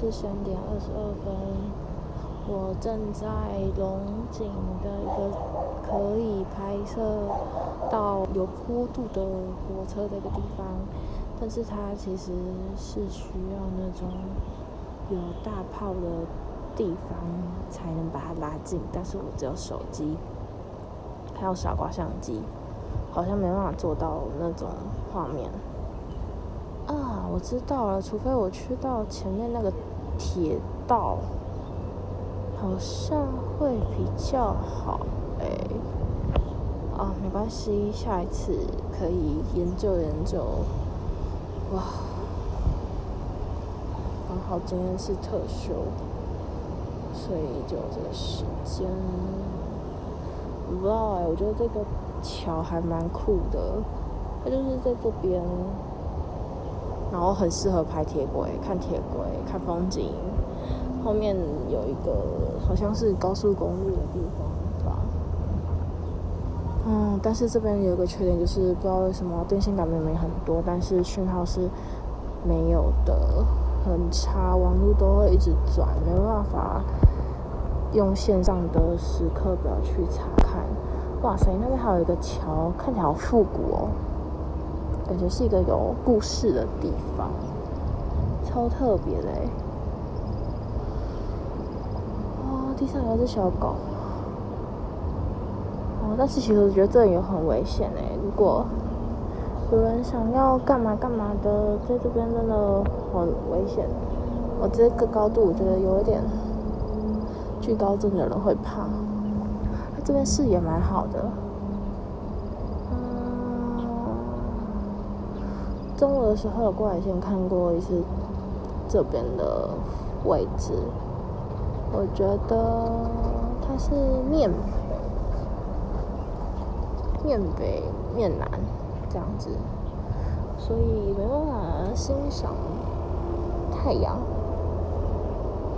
是三點二十二分，我正在龍井的一個可以拍攝到有坡度的火車的一個地方，但是它其實是需要那種有大炮的地方才能把它拉近，但是我只有手機還有傻瓜相機，好像沒辦法做到那種畫面。啊，我知道了，除非我去到前面那個。鐵道好像會比較好哎、欸，啊，沒關係，下一次可以研究研究。哇，剛好今天是特休，所以就有這個時間。哇、不知道欸，我覺得這個橋還蠻酷的，它就是在這邊。然後很適合拍鐵軌，看鐵軌，看風景。後面有一個好像是高速公路的地方，對吧？嗯，但是這邊有一個缺點就是不知道為什麼電線桿明明很多，但是訊號是沒有的，很差，網絡都會一直轉，沒辦法用線上的時刻表去查看。哇塞，那邊還有一個橋，看起來好復古哦。感覺是一個有故事的地方，超特別的、欸、哦，地上有只小狗。哦，但是其實我覺得這裡有很危險哎、欸，如果有人想要幹嘛幹嘛的，在這邊真的很危險。我、哦、這個高度，我覺得有一點懼高症的人會怕。啊、這邊視野蠻好的。中午的時候有過來先看過一次這邊的位置，我覺得它是面北、面北、面南這樣子，所以沒辦法欣賞太陽。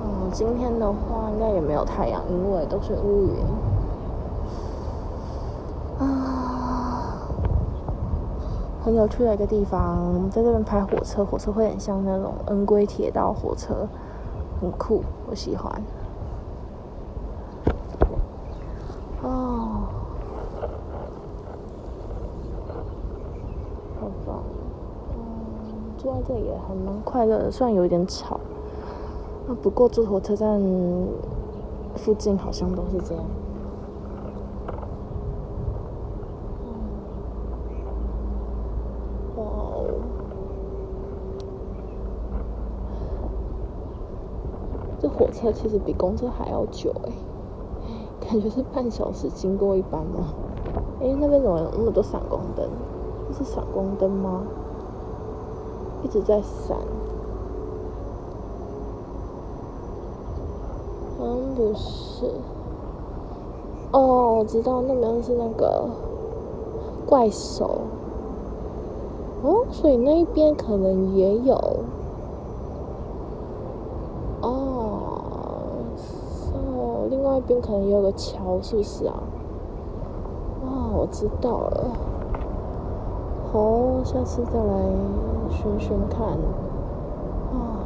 嗯，今天的話應該也沒有太陽，因為都是烏雲。很有趣的一個地方，在這邊拍火車，火車會很像那種恩歸鐵道火車，很酷，我喜歡。哦，好棒！嗯，住在這裡也還蠻快樂的，雖然有一點吵。那不過住火車站附近好像都是這樣。火車其實比公車還要久，欸，感覺是半小時經過一班嗎？哎，欸，那邊怎麼有那麼多閃光燈？不是閃光燈嗎？一直在閃。嗯，不是。哦，我知道那邊是那個怪獸。哦，所以那邊可能也有。可能有個橋，是不是啊？啊，我知道了。好，下次再來尋尋看。啊。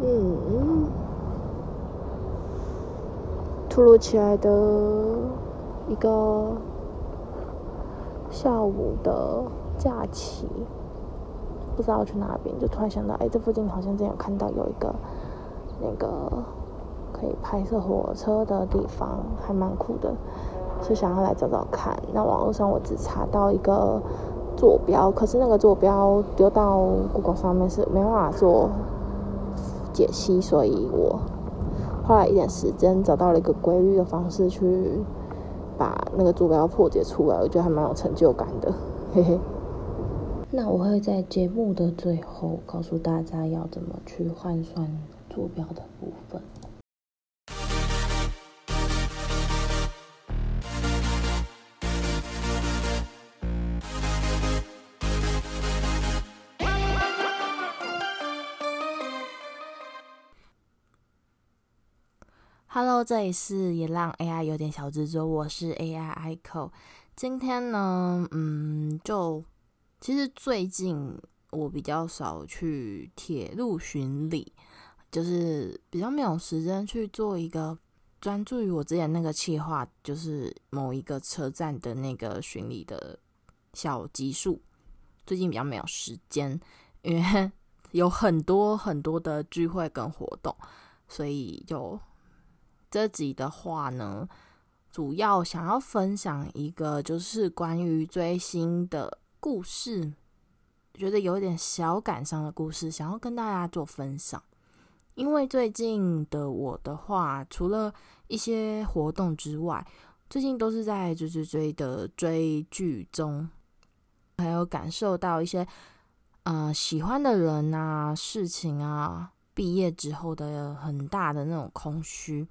嗯嗯。突如其來的，一個下午的假期，不知道去哪邊，就突然想到，哎、欸，這附近好像真有看到有一個。那個可以拍攝火車的地方還蠻酷的，就想要來找找看。那網絡上我只查到一個坐標，可是那個坐標丟到 Google 上面是沒辦法做解析，所以我花了一點時間找到了一個規律的方式去把那個坐標破解出來，我覺得還蠻有成就感的，嘿嘿。那我會在節目的最後告訴大家要怎麼去換算。坐標的部分。Hello，這裡是也讓 AI 有點小執着，我是 AI Iko。今天呢，嗯，就其實最近我比較少去鐵路巡禮。就是比較沒有時間去做一個專注於我之前那個企劃，就是某一個車站的那個巡禮的小集數。最近比較沒有時間，因為有很多很多的聚會跟活動，所以就這集的話呢，主要想要分享一個就是關於追星的故事，覺得有點小感傷的故事，想要跟大家做分享。因為最近的我的話，除了一些活動之外，最近都是在追追追的追劇中，還有感受到一些呃喜歡的人吶、啊、事情啊。畢業之後的很大的那種空虛，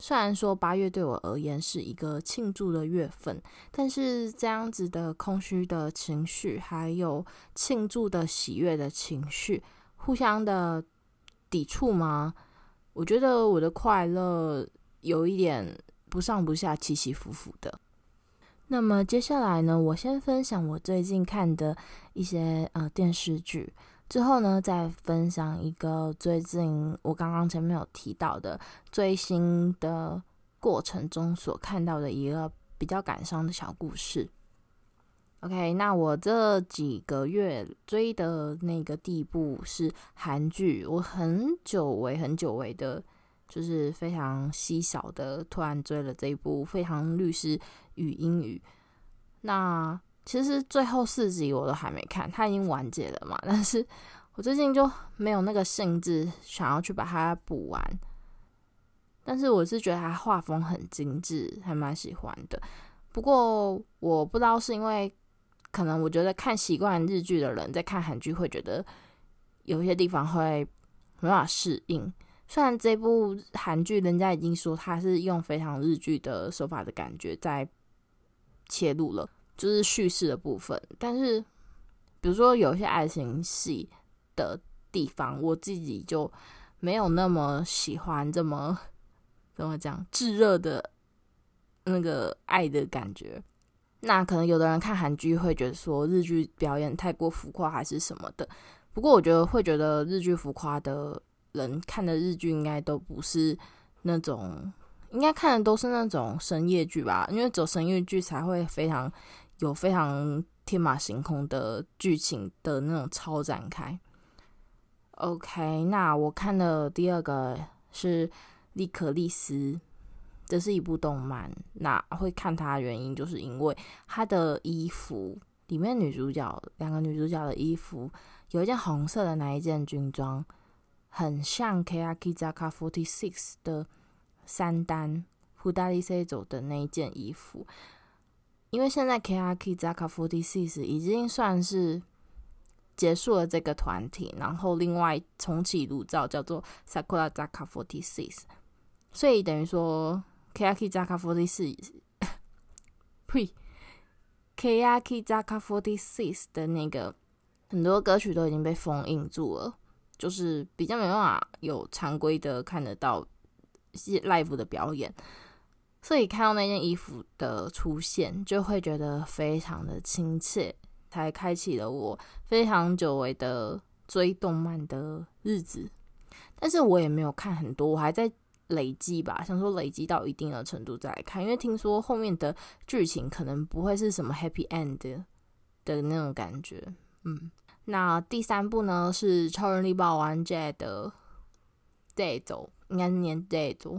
雖然說八月對我而言是一個慶祝的月份，但是這樣子的空虛的情緒，還有慶祝的喜悅的情緒，互相的。抵觸嗎？我覺得我的快樂有一點不上不下，起起伏伏的。那麼接下來呢，我先分享我最近看的一些呃電視劇，之後呢再分享一個最近我剛剛前面有提到的追星的過程中所看到的一個比較感傷的小故事。OK，那我這幾個月追的那個第一部是韓劇，我很久違很久違的，就是非常稀少的，突然追了這一部《非常律師禹英禑》。那其實最後四集我都還沒看，它已經完結了嘛。但是我最近就沒有那個興致想要去把它補完。但是我是覺得它畫風很精緻，還蠻喜歡的。不過我不知道是因為。可能我覺得看習慣日劇的人在看韓劇會覺得有一些地方會沒法適應。雖然這部韓劇人家已經說他是用非常日劇的手法的感覺在切入了，就是敘事的部分。但是比如說有一些愛情戲的地方，我自己就沒有那麼喜歡這麼，怎麼講，炙熱的那個愛的感覺。那可能有的人看韓劇會覺得說日劇表演太過浮誇還是什麼的，不過我覺得會覺得日劇浮誇的人看的日劇應該都不是那種，應該看的都是那種深夜劇吧，因為走深夜劇才會非常有非常天馬行空的劇情的那種超展開。OK，那我看的第二個是《莉可麗絲》。這是一部動漫，那會看它的原因就是因為它的衣服裡面女主角，兩個女主角的衣服有一件紅色的那一件軍裝，很像 Keyakizaka46 的三單 Futari Saison 的那一件衣服，因為現在 Keyakizaka46 已經算是結束了這個團體，然後另外重啟爐灶叫做 Sakurazaka46，所以等於說。Kakizaka Forty Six 呸，Kakizaka Forty Six 的那個很多歌曲都已經被封印住了，就是比較沒辦法有常規的看得到 live 的表演，所以看到那件衣服的出現，就會覺得非常的親切，才開啟了我非常久違的追動漫的日子，但是我也沒有看很多，我還在。累積吧，想說累積到一定的程度再來看，因為聽說後面的劇情可能不會是什麼 happy end 的那種感覺。嗯，那第三部呢是《超人力霸王 Z》的這一周，應該是念這一周。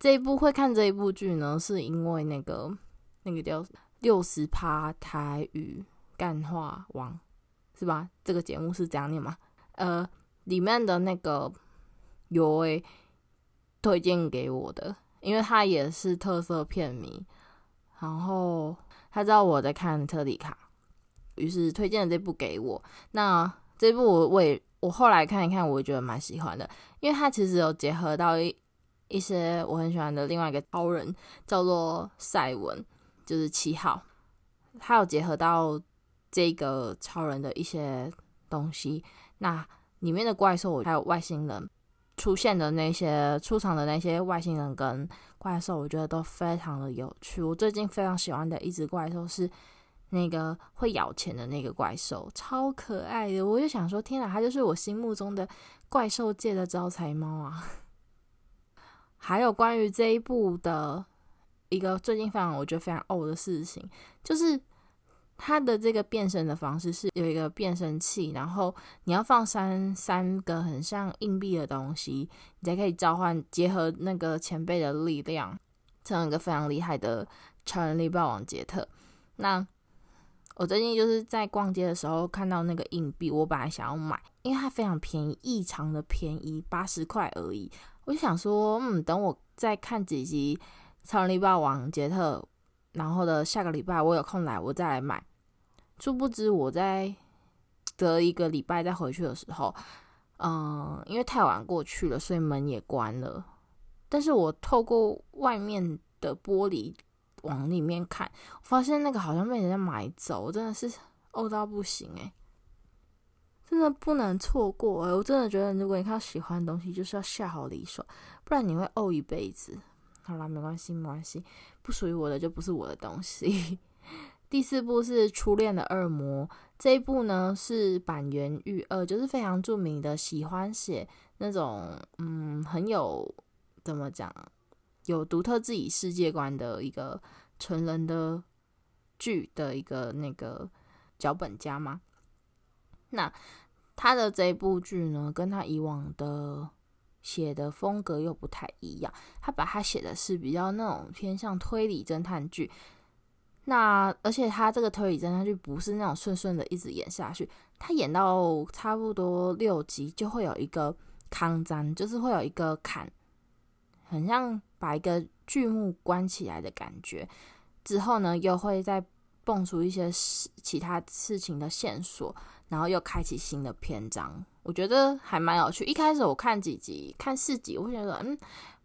這一部會看這一部劇呢，是因為那個那個叫六十趴台語幹話王是吧？這個節目是這樣念嘛？呃，裡面的那個有誒、欸。推薦給我的，因為他也是特色片迷，然後他知道我在看特里卡，於是推薦了這部給我。那這部我也，我後來看一看，我也覺得蠻喜歡的，因為他其實有結合到一一些我很喜歡的另外一個超人，叫做賽文，就是七號，他有結合到這個超人的一些東西，那裡面的怪獸還有外星人。出現的那些出場的那些外星人跟怪獸，我覺得都非常的有趣。我最近非常喜歡的一隻怪獸是那個會咬錢的那個怪獸，超可愛的。我就想說，天哪，它就是我心目中的怪獸界的招財貓啊！還有關於這一部的一個最近非常我覺得非常歐的事情，就是。他的這個變身的方式是有一個變身器，然後你要放三三個很像硬幣的東西，你才可以召喚結合那個前輩的力量，成一個非常厲害的超人力霸王傑特。那我最近就是在逛街的時候看到那個硬幣，我本來想要買，因為它非常便宜，異常的便宜，八十塊而已。我就想說，嗯，等我再看幾集超人力霸王傑特，然後呢，下個禮拜我有空來，我再來買。殊不知我在隔一個禮拜再回去的時候，嗯，因為太晚過去了，所以門也關了。但是我透過外面的玻璃往裡面看，我發現那個好像被人家買走，真的是慪到不行哎、欸！真的不能錯過哎！我真的覺得，如果你看到喜歡的東西，就是要下好離手，不然你會慪一輩子。好啦，沒關係，沒關係。不屬於我的就不是我的東西。 第四部是《初戀的惡魔》，這一部呢是坂元裕二，就是非常著名的喜歡寫那種嗯，很有怎麼講，有獨特自己世界觀的一個成人的劇的一個那個腳本家嘛。那他的這部劇呢，跟他以往的。寫的風格又不太一樣，他把他寫的是比較那種偏向推理偵探劇，那而且他這個推理偵探劇不是那種順順的一直演下去，他演到差不多六集就會有一個康章，就是會有一個坎，很像把一個劇目關起來的感覺，之後呢又會再蹦出一些其他事情的線索，然後又開啟新的篇章。我覺得還蠻有趣。一開始我看幾集，看四集，我覺得嗯，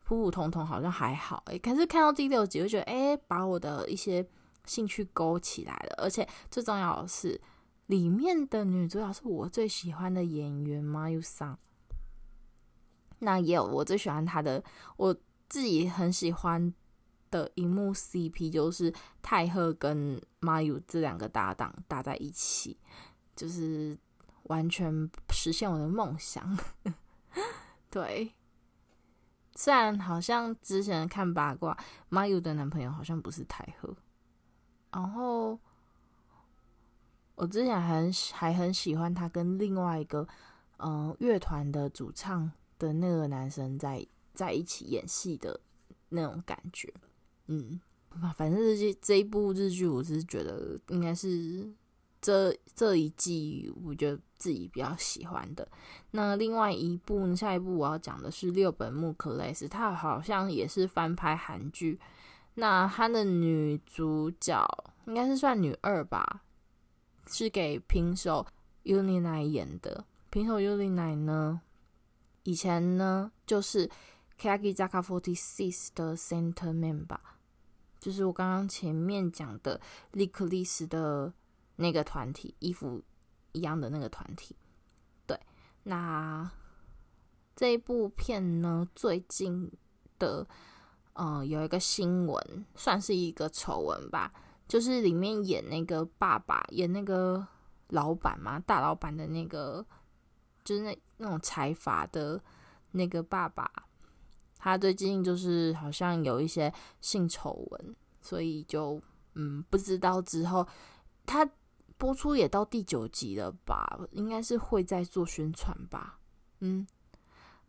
普普通通，好像還好、欸。哎，可是看到第六集，我覺得哎、欸，把我的一些興趣勾起來了。而且最重要的是，裡面的女主角是我最喜歡的演員 Mayu 桑。那也有我最喜歡她的，我自己很喜歡的熒幕 CP 就是泰赫跟 Mayu 這兩個搭檔搭在一起，就是完全。實現我的夢想，呵呵，對。雖然好像之前看八卦，媽有的男朋友好像不是太和，然後我之前很還很喜歡他跟另外一個嗯、呃、樂團的主唱的那個男生在在一起演戲的那種感覺，嗯，反正這這一部日劇，我是覺得應該是。這這一季我覺得自己比較喜歡的。那另外一部，下一部我要講的是《六本木 Class》，他好像也是翻拍韓劇。那他的女主角應該是算女二吧，是給平手友梨奈演的。平手友梨奈呢，以前呢就是 Keyakizaka Forty Six 的 Center Man 吧,就是我剛剛前面講的《l i c k l a s 的。那個團體衣服一樣的那個團體，對，那這一部片呢，最近的嗯有一個新聞，算是一個醜聞吧，就是裡面演那個爸爸，演那個老闆嘛，大老闆的那個，就是那那種財閥的那個爸爸，他最近就是好像有一些性醜聞，所以就嗯不知道之後他。播出也到第九集了吧，應該是會在做宣傳吧。嗯，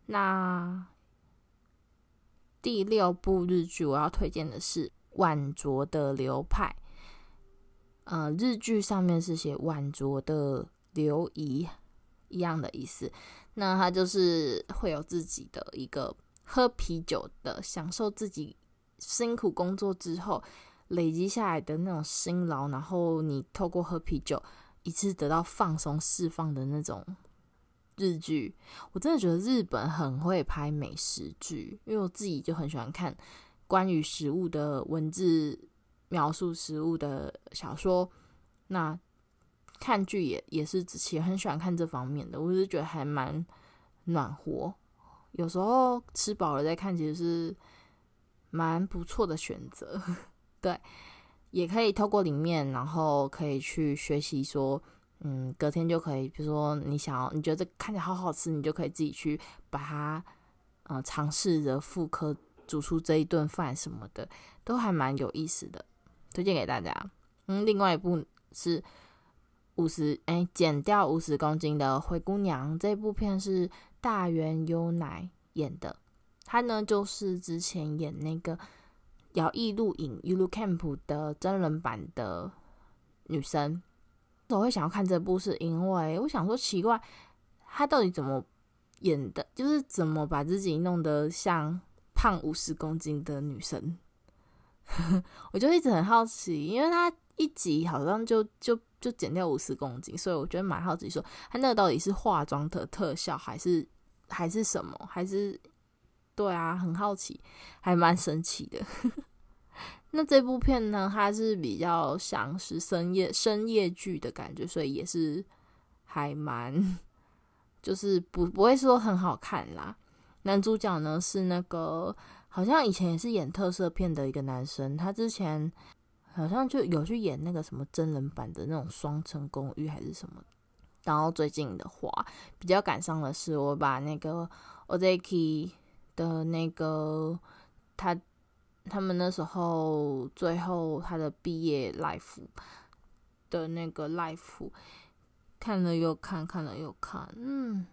那第六部日劇我要推薦的是《晚酌的流派》。呃，日劇上面是寫晚酌的流儀，一樣的意思。那它就是會有自己的一個喝啤酒的，享受自己辛苦工作之後。累積下來的那種辛勞，然後你透過喝啤酒一次得到放鬆釋放的那種日劇，我真的覺得日本很會拍美食劇，因為我自己就很喜歡看關於食物的文字描述食物的小說，那看劇也也是之前很喜歡看這方面的，我就是覺得還蠻暖和，有時候吃飽了再看其實是蠻不錯的選擇。對，也可以透過裡面，然後可以去學習說，嗯，隔天就可以，比如說你想要，你覺得這看起來好好吃，你就可以自己去把它，呃，嘗試着復刻煮出這一頓飯什麼的，都還蠻有意思的，推薦給大家。嗯，另外一部是五十，哎，減掉五十公斤的灰姑娘，這部片是大原優乃演的，她呢就是之前演那個。搖曳露影 y o u t Camp） 的真人版的女生，我會想要看這部，是因為我想說奇怪，她到底怎麼演的？就是怎麼把自己弄得像胖五十公斤的女生？ 我就一直很好奇，因為她一集好像就就就減掉五十公斤，所以我覺得蠻好奇說，說她那到底是化妝特特效，還是還是什麼，還是？對啊，很好奇，還蠻神奇的。 那這部片呢，它是比較像是深夜深夜劇的感覺，所以也是還蠻就是不不會說很好看啦。男主角呢是那個好像以前也是演特色片的一個男生，他之前好像就有去演那個什麼真人版的那種雙層公寓還是什麼。然後最近的話，比較感傷的是我把那個 Ozaki。的那個，他，他們那時候最後他的畢業 life，的那個 life，看了又看，看了又看，嗯，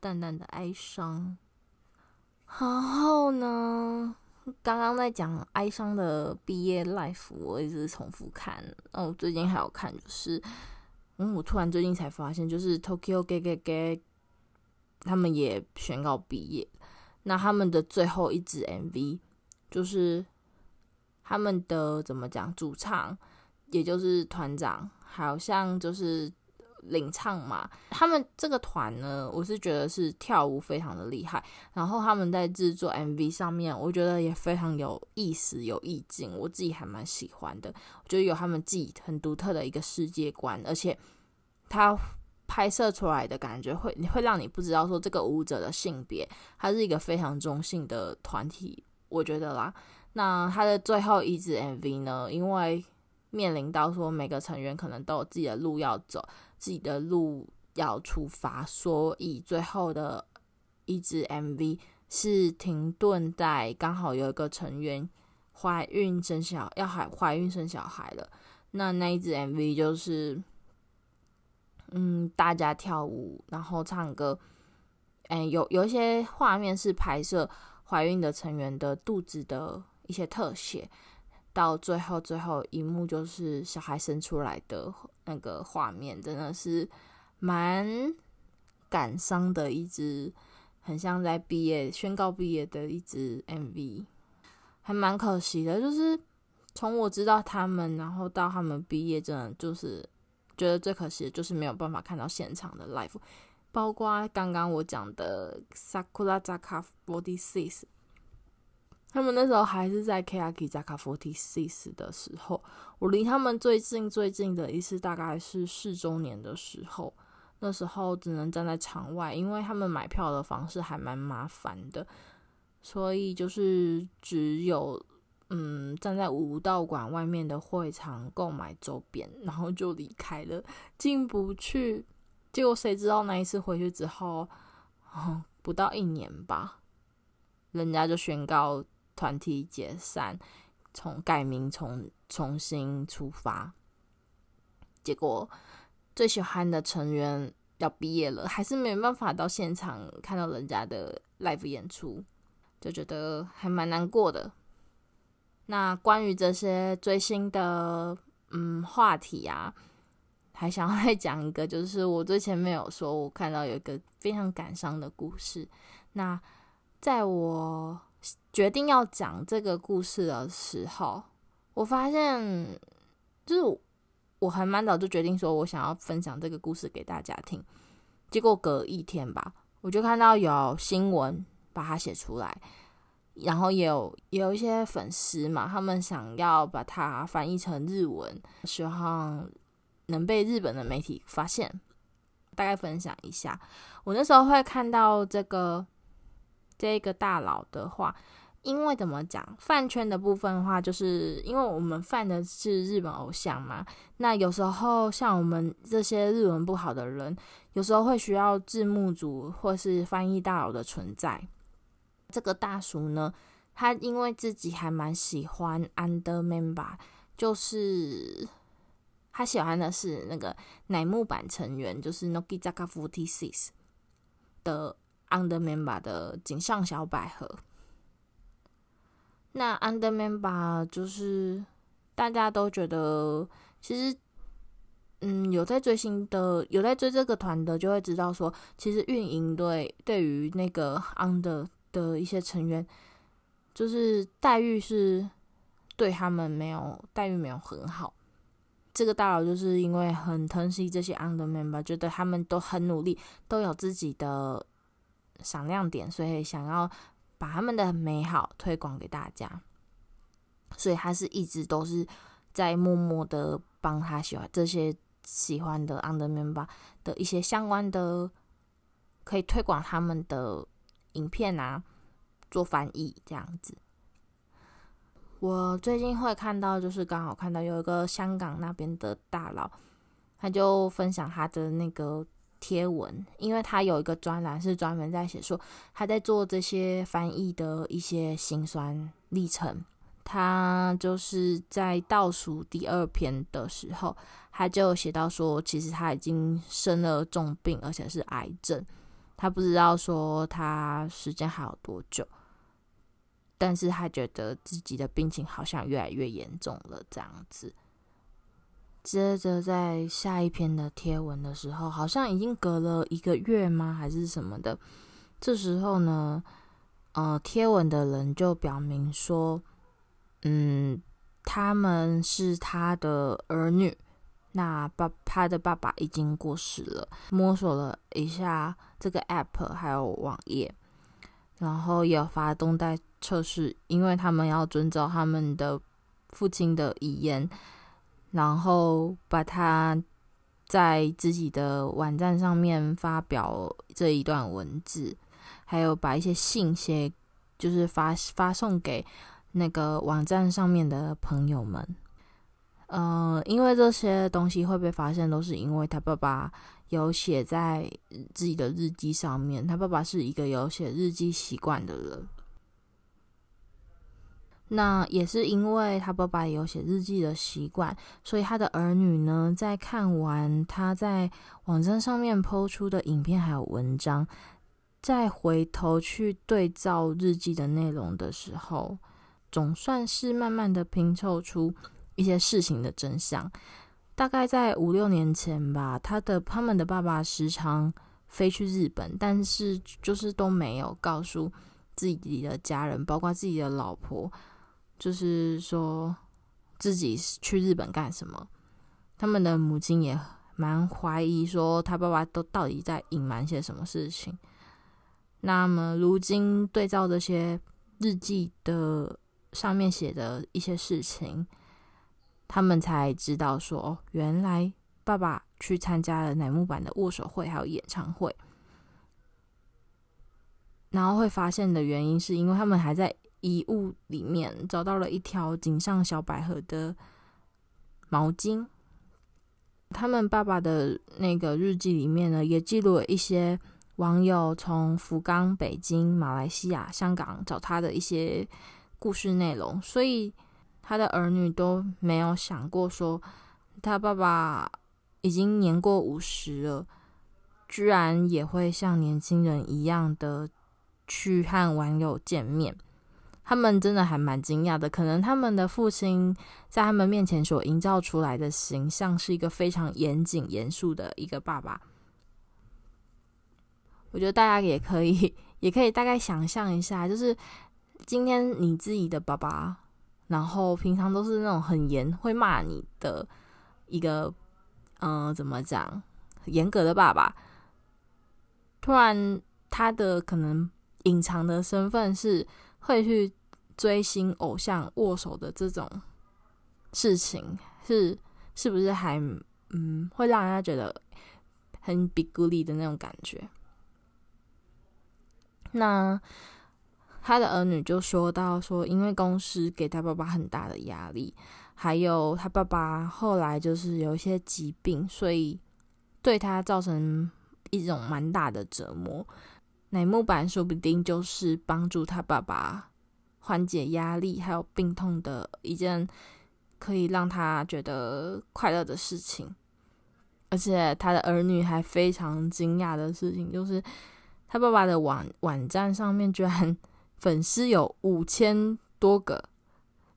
淡淡的哀傷。然後呢，剛剛在講哀傷的畢業 life，我一直重複看。哦，最近還有看，就是、嗯，我突然最近才發現，就是 Tokyo Gay Gay Gay，他們也宣告畢業。那他們的最後一支 MV 就是他們的怎麼講主唱，也就是團長，好像就是領唱嘛。他們這個團呢，我是覺得是跳舞非常的厲害，然後他們在製作 MV 上面，我覺得也非常有意思、有意境，我自己還蠻喜歡的。我覺得有他們自己很獨特的一個世界觀，而且他。拍攝出來的感覺會，你會讓你不知道說這個舞者的性別，它是一個非常中性的團體，我覺得啦。那它的最後一支 MV 呢？因為面臨到說每個成員可能都有自己的路要走，自己的路要出發，所以最後的一支 MV 是停頓在剛好有一個成員懷孕生小要懷懷孕生小孩了。那那一支 MV 就是。嗯，大家跳舞，然後唱歌。嗯、欸，有有一些畫面是拍攝懷孕的成員的肚子的一些特寫，到最後最後一幕就是小孩生出來的那個畫面，真的是蠻感傷的一支，很像在畢業宣告畢業的一支 MV，還蠻可惜的。就是從我知道他們，然後到他們畢業，真的就是。覺得最可惜的就是沒有辦法看到現場的 live，包括剛剛我講的 Sakura Zaka Forty Six，他們那時候還是在 Keyakizaka Forty Six 的時候，我離他們最近最近的一次大概是四週年的時候，那時候只能站在場外，因為他們買票的方式還蠻麻煩的，所以就是只有。嗯，站在武道館外面的會場購買周邊，然後就離開了，進不去。結果誰知道，那一次回去之後，哦，不到一年吧，人家就宣告團體解散，從改名從，重重新出發。結果最喜歡的成員要畢業了，還是沒辦法到現場看到人家的 live 演出，就覺得還蠻難過的。那關於這些最新的嗯話題啊，還想再講一個，就是我最前面有說，我看到有一個非常感傷的故事。那在我決定要講這個故事的時候，我發現，就是我，我還蠻早就決定說我想要分享這個故事給大家聽。結果隔一天吧，我就看到有新聞把它寫出來。然後也有也有一些粉絲嘛，他們想要把它翻譯成日文，希望能被日本的媒體發現。大概分享一下，我那時候會看到這個這個大佬的話，因為怎麼講，飯圈的部分的話，就是因為我們飯的是日本偶像嘛，那有時候像我們這些日文不好的人，有時候會需要字幕組或是翻譯大佬的存在。這個大叔呢，他因為自己還蠻喜歡 Undermember，就是他喜歡的是那個乃木坂成員，就是 Nogizaka46 的 Undermember 的井上小百合。那 Undermember 就是大家都覺得，其實嗯，有在追星的，有在追這個團的，就會知道說，其實運營對對於那個 Under 的一些成員，就是待遇是對他們沒有待遇沒有很好。這個大佬就是因為很疼惜這些 under member，覺得他們都很努力，都有自己的閃亮點，所以想要把他們的美好推廣給大家。所以他是一直都是在默默的幫他喜歡這些喜歡的 under member 的一些相關的，可以推廣他們的。影片啊，做翻譯這樣子。我最近會看到，就是剛好看到有一個香港那邊的大佬，他就分享他的那個貼文，因為他有一個專欄是專門在寫說他在做這些翻譯的一些辛酸歷程。他就是在倒數第二篇的時候，他就寫到說，其實他已經生了重病，而且是癌症。他不知道說他時間還有多久，但是他覺得自己的病情好像越來越嚴重了，這樣子。接着在下一篇的貼文的時候，好像已經隔了一個月嗎？還是什麼的。這時候呢，呃，貼文的人就表明說，嗯，他們是他的兒女。那爸他的爸爸已經過世了。摸索了一下這個 app 還有網頁，然後也要發動態測試，因為他們要遵照他們的父親的遺言，然後把他在自己的網站上面發表這一段文字，還有把一些信息，就是發發送給那個網站上面的朋友們。呃，因為這些東西會被發現，都是因為他爸爸有寫在自己的日記上面。他爸爸是一個有寫日記習慣的人。那也是因為他爸爸有寫日記的習慣，所以他的兒女呢，在看完他在網站上面 PO 出的影片還有文章，再回頭去對照日記的內容的時候，總算是慢慢的拼湊出。一些事情的真相，大概在五六年前吧。他的他們的爸爸時常飛去日本，但是就是都沒有告訴自己的家人，包括自己的老婆，就是說自己去日本幹什麼。他們的母親也蠻懷疑，說他爸爸都到底在隱瞞些什麼事情。那麼，如今對照這些日記的上面寫的一些事情。他們才知道說，原來爸爸去參加了乃木坂的握手會還有演唱會，然後會發現的原因是因為他們還在遺物裡面找到了一條井上小百合的毛巾。他們爸爸的那個日記裡面呢，也記錄了一些網友從福岡、北京、馬來西亞、香港找他的一些故事內容，所以。他的兒女都沒有想過說，說他爸爸已經年過五十了，居然也會像年輕人一樣的去和網友見面。他們真的還蠻驚訝的。可能他們的父親在他們面前所營造出來的形象是一個非常嚴謹、嚴肅的一個爸爸。我覺得大家也可以，也可以大概想象一下，就是今天你自己的爸爸。然後平常都是那種很嚴會罵你的一個，嗯、呃，怎麼講，嚴格的爸爸，突然他的可能隱藏的身份是會去追星偶像握手的這種事情，是是不是還嗯會讓人家覺得很比孤立的那種感覺？那。他的兒女就說到說，因為公司給他爸爸很大的壓力，還有他爸爸後來就是有一些疾病，所以對他造成一種蠻大的折磨。乃木坂說不定就是幫助他爸爸緩解壓力還有病痛的一件可以讓他覺得快樂的事情。而且他的兒女還非常驚訝的事情就是，他爸爸的網網站上面居然。粉絲有五千多個，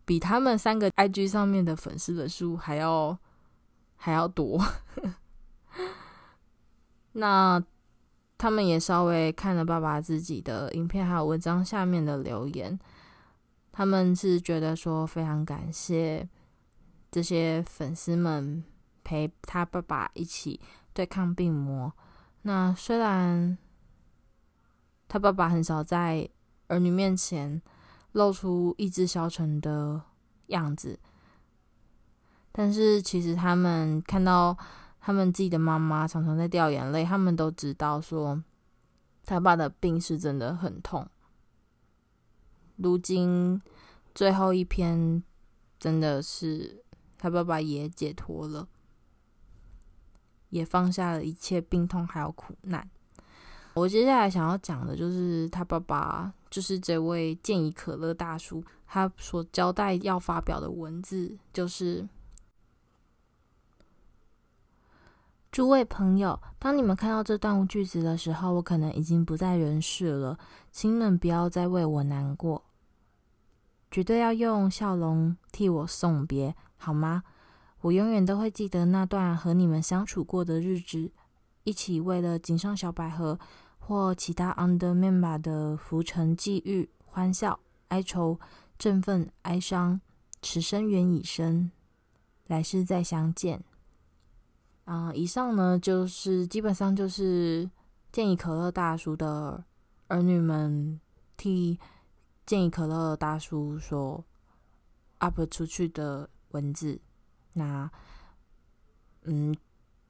比他們三個 IG 上面的粉絲的數還要還要多。 那他們也稍微看了爸爸自己的影片，還有文章下面的留言，他們是覺得說非常感謝這些粉絲們陪他爸爸一起對抗病魔。那雖然他爸爸很少在。兒女面前露出意志消沉的樣子，但是其實他們看到他們自己的媽媽常常在掉眼淚，他們都知道說他爸的病是真的很痛。如今最後一篇真的是他爸爸也解脫了，也放下了一切病痛還有苦難。我接下來想要講的就是他爸爸，就是這位健怡可樂大叔，他所交代要發表的文字就是：諸位朋友，當你們看到這段句子的時候，我可能已經不在人世了，請你們不要再為我難過，絕對要用笑容替我送別，好嗎？我永遠都會記得那段和你們相處過的日子，一起為了井上小百合，或其他 under member 的浮沉際遇、歡笑、哀愁、振奮、哀傷，此生緣已深，來世再相見。啊、呃，以上呢就是基本上就是建議可樂大叔的兒女們替建議可樂大叔說 up 出去的文字。那，嗯，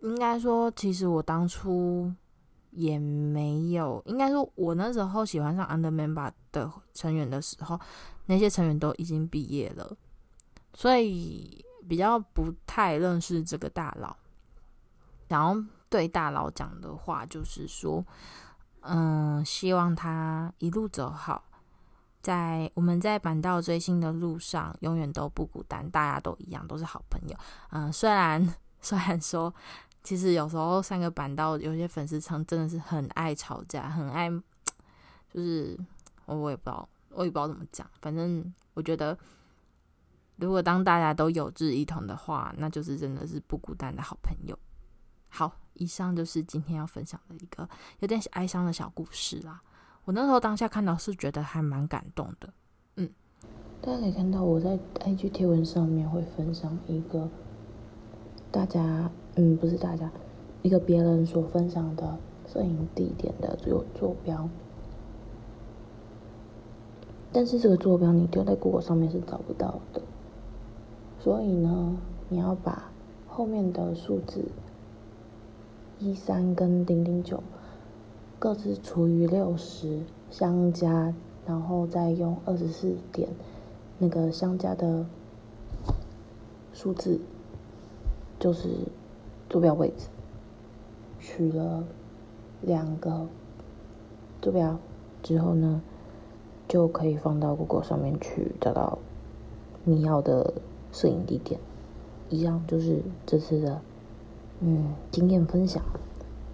應該說，其實我當初。也沒有，應該說，我那時候喜歡上 Undermember 的成員的時候，那些成員都已經畢業了，所以比較不太認識這個大佬。然後對大佬講的話就是說，嗯，希望他一路走好。在我們在坂道追星的路上，永遠都不孤單，大家都一樣，都是好朋友。嗯，雖然雖然說。其實有時候，三個坂道有些粉絲層真的是很愛吵架，很愛，就是我我也不知道，我也不知道怎麼講。反正我覺得，如果當大家都有志一同的話，那就是真的是不孤單的好朋友。好，以上就是今天要分享的一個有點哀傷的小故事啦。我那時候當下看到是覺得還蠻感動的。嗯，大家可以看到我在 IG 貼文上面會分享一個大家。嗯，不是大家一個別人所分享的攝影地點的左右坐標，但是這個坐標你丟在 Google 上面是找不到的，所以呢，你要把後面的數字一三跟零零九各自除以六十相加，然後再用二十四點那個相加的數字就是。坐標位置，取了兩個坐標之後呢，就可以放到 Google 上面去找到你要的攝影地點。以上就是這次的嗯經驗分享。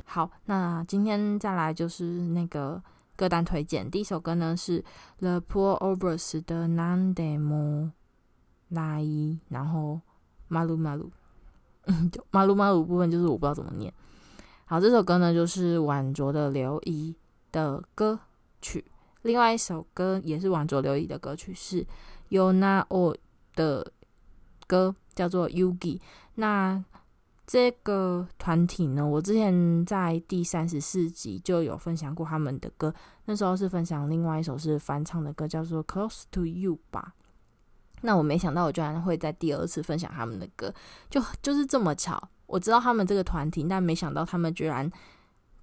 好，那今天再來就是那個歌單推薦。第一首歌呢是 the pullovers 的 Nandemo Nai，然後馬魯馬魯。丸丸丸馬路馬路部分就是我不知道怎麼念。好，這首歌呢就是晚酌的流儀的歌曲。另外一首歌也是晚酌流儀的歌曲是 yonawo 的歌，叫做 yugi。那這個團體呢，我之前在第三十四集就有分享過他們的歌，那時候是分享另外一首是翻唱的歌，叫做 Close to You 吧。那我沒想到，我居然會在第二次分享他們的歌，就就是這麼巧。我知道他們這個團體，但沒想到他們居然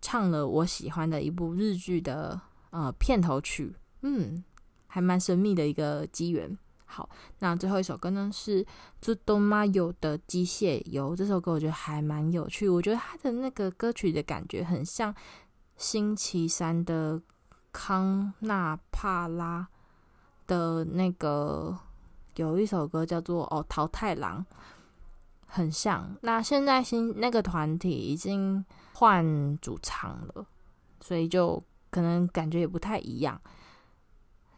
唱了我喜歡的一部日劇的呃片頭曲，嗯，還蠻神秘的一個機緣。好，那最後一首歌呢是 ZUTOMAYO 的《機械油》。這首歌我覺得還蠻有趣，我覺得他的那個歌曲的感覺很像星期三的康納帕拉的那個。有一首歌叫做哦，《桃太郎》，很像。那現在新那個團體已經換主唱了，所以就可能感覺也不太一樣。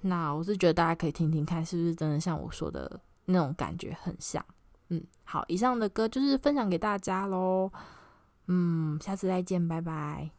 那我是覺得大家可以聽聽看，是不是真的像我說的那種感覺很像？嗯，好，以上的歌就是分享給大家嘍。嗯，下次再見，拜拜。